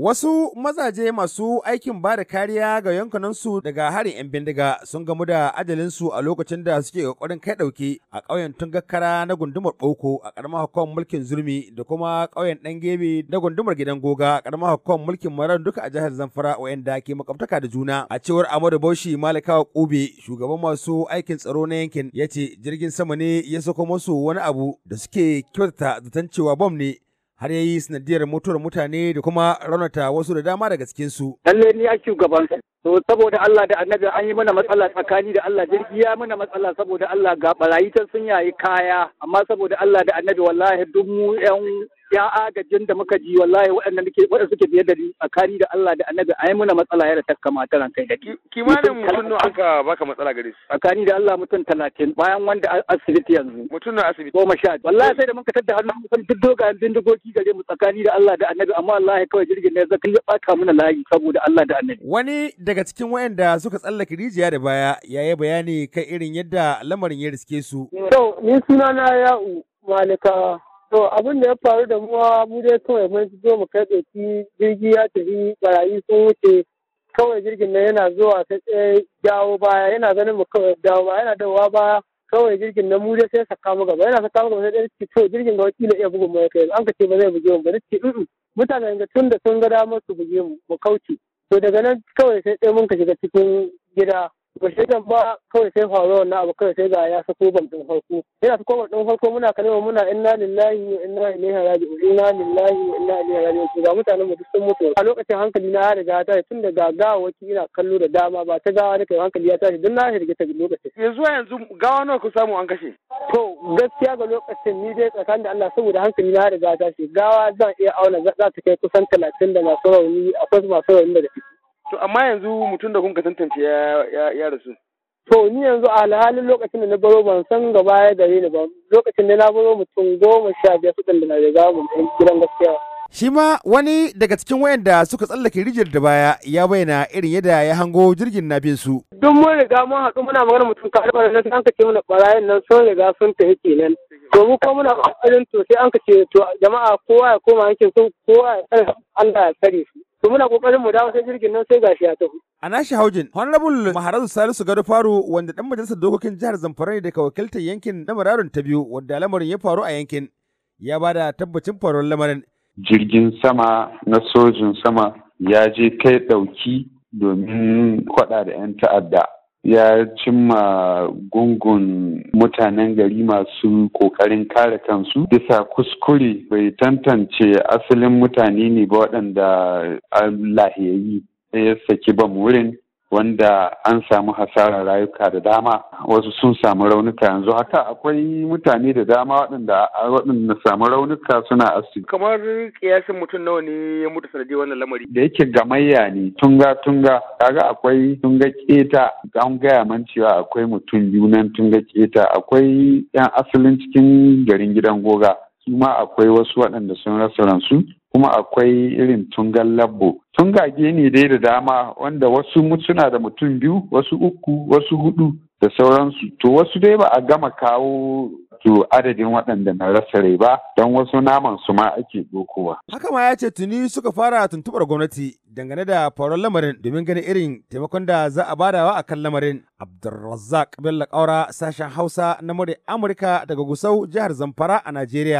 Wasu mazaje masu aikin ba da kariya ga yankunansu daga harin 'yan bindiga sun gamu da ajalinsu a lokacin da suke kokarin kai ɗauki a ƙauyen Tungakkara na gundumar ɓoko a ƙaramar hukumar mulkin Zulmi da kuma ƙauyen Ɗan Gebe na gundumar Gidan Goga a ƙaramar hukumar mulkin Maran duka a jihar Zamfara wayanda ke makwabtaka da juna. A cewar Amadu Bauchi Malikawa Kube shugaban masu aikin tsaro na yankin ya ce jirgin sama ne ya sako musu wani abu da suke kyautata zaton cewa bom ne har ya yi sanadiyar mutuwar mutane da kuma raunata wasu da dama daga su. Lalle ni a shugaban. To saboda Allah da annabi an yi mana matsala tsakani da Allah jirgi ya mana matsala saboda Allah ga barayi ta sun yayi kaya amma saboda Allah da annabi wallahi duk mu yan ya agajin da muka ji wallahi waɗanda muke waɗanda suke biye da ni tsakani da Allah da Annabi yi muna matsala ya da ta kamata ran kai da kimanin mutum ne aka baka matsala gare shi tsakani da Allah mutum 30 bayan wanda asibiti yanzu mutum na asibiti goma sha wallahi sai da mun muka tadda hannun mutum duk dogayen bindigogi gare mu tsakani da Allah da Annabi amma wallahi kawai jirgin ne zaka ya baka muna layi saboda Allah da Annabi wani daga cikin waɗanda suka tsallaka rijiya da baya yayi bayani kan irin yadda lamarin ya riske su to ni sunana ya'u malika To abin da ya faru da muwa ah, mu dai kawai mun zo mu kai tsoki jirgi ya tafi barayi sun wuce kawai jirgin nan yana zuwa ta tsaye dawo baya yana ganin mu kawai dawo baya yana dawowa baya kawai jirgin nan mu dai sai saka mu gaba yana saka mu gaba sai dai ce to jirgin ga wakila iya bugun mu kai an kace ba zai buge mu ba ce u'u mutanen ga tun da sun ga damar su buge mu mu kauce to daga nan kawai sai dai mun ka shiga cikin gida ba shaidan ba kawai sai faruwa wannan abu kawai sai ga ya sa bam din farko yana sa bam din farko muna kalma muna inna lillahi wa inna ilaihi raji'un inna lillahi wa inna ilaihi raji'un ga mutanen mu duk sun mutu a lokacin hankali na ya riga ta tun da gawa waki ina kallo da dama ba ta gawa nake hankali ya tashi duk na shirge ta lokacin yanzu yanzu gawa nawa ku samu an kashe to gaskiya ga lokacin ni dai tsakanin da Allah saboda hankali na ya riga ta shi gawa zan iya auna za ta kai kusan talatin da masu rauni akwai masu rauni da To amma yanzu mutum da kuka tantance ya rasu. To ni yanzu a halin lokacin da na baro ban san gaba ya dare ni ba lokacin da na baro mutum goma sha biyar da na riga mun gidan gaskiya. Shi ma wani daga cikin wayanda suka tsallake rijiyar da baya ya bayyana irin yadda ya hango jirgin na bin su. Duk mun riga mun haɗu muna magana mutum ka haɗu nan an kace mana ɓarayin nan sun riga sun tafi kenan. To mu kuma muna ƙoƙarin to sai an kace to jama'a kowa ya koma yankin sun kowa ya Allah ya tsare su. to muna kokarin mu dawo sai jirgin nan sai gashi ya tafi. A nashi haujin, Honorable Maharazu Salisu Gado Faru wanda ɗan majalisar dokokin jihar Zamfara ne daga wakiltar yankin na mararun ta biyu wanda lamarin ya faru a yankin ya ba da tabbacin faruwar lamarin. Jirgin sama na sojin sama ya je kai ɗauki domin kwaɗa da 'yan ta'adda. ya cimma gungun mutanen gari masu kokarin kare kansu bisa kuskure bai tantance asalin mutane ne ba waɗanda lahiyayi ya saki ban wurin wanda an samu hasarar rayuka da dama wasu sun samu raunuka yanzu haka akwai mutane da dama waɗanda waɗanda samu raunuka suna asibiti kamar kiyasin mutum nawa ne ya mutu sanadi wannan lamari da yake gamayya ne tunga tunga kaga akwai tunga keta an gaya man cewa akwai mutum biyu nan tunga keta akwai yan asalin cikin garin gidan goga su akwai wasu waɗanda sun rasa ransu kuma akwai irin tungan labbo tungage ne dai da dama wanda wasu mutuna da mutum biyu wasu uku wasu hudu da sauransu to wasu dai ba a gama kawo to adadin waɗanda na rasa rai ba don wasu naman su ma ake dokowa. Haka ma ya ce tuni suka fara tuntuɓar gwamnati dangane da faruwar lamarin domin ganin irin taimakon da za a badawa a kan lamarin. Abdulrazzaq Bello Kaura sashen Hausa na Amurka daga Gusau jihar Zamfara a Najeriya.